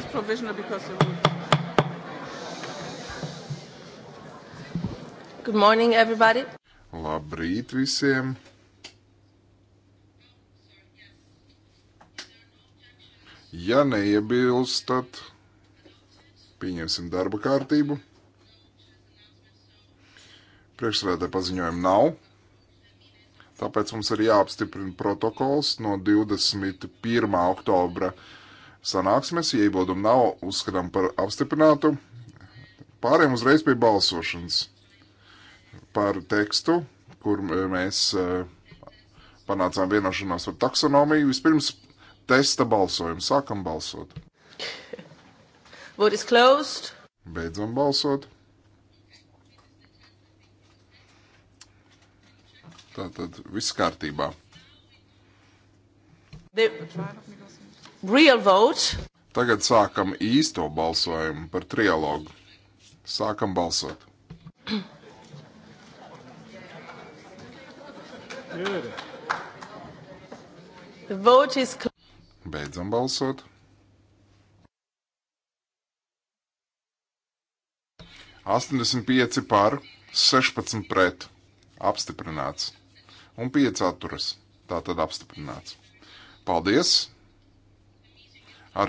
as provisional because it will... Good morning, everybody. Labrīt visiem. Ja neiebilstat, pieņemsim darba kārtību. Priekšsēdētāja paziņojuma nav. Tāpēc mums ir jāapstiprina protokols no 21. oktobra sanāksmes, ja iebildumu nav, uzskatām par apstiprinātu. Pārējām uzreiz pie balsošanas par tekstu, kur mēs eh, panācām vienošanās par taksonomiju. Vispirms testa balsojumu. Sākam balsot. Vote is closed. Beidzam balsot. Tātad viss kārtībā. The real vote. Tagad sākam īsto balsojumu par trialogu. Sākam balsot. The vote is Beidzam balsot. Astoņdesmit pieci par, sešpadsmit pret, apstiprināts, un pieci atturas. Tā tad apstiprināts. Paldies! Ar to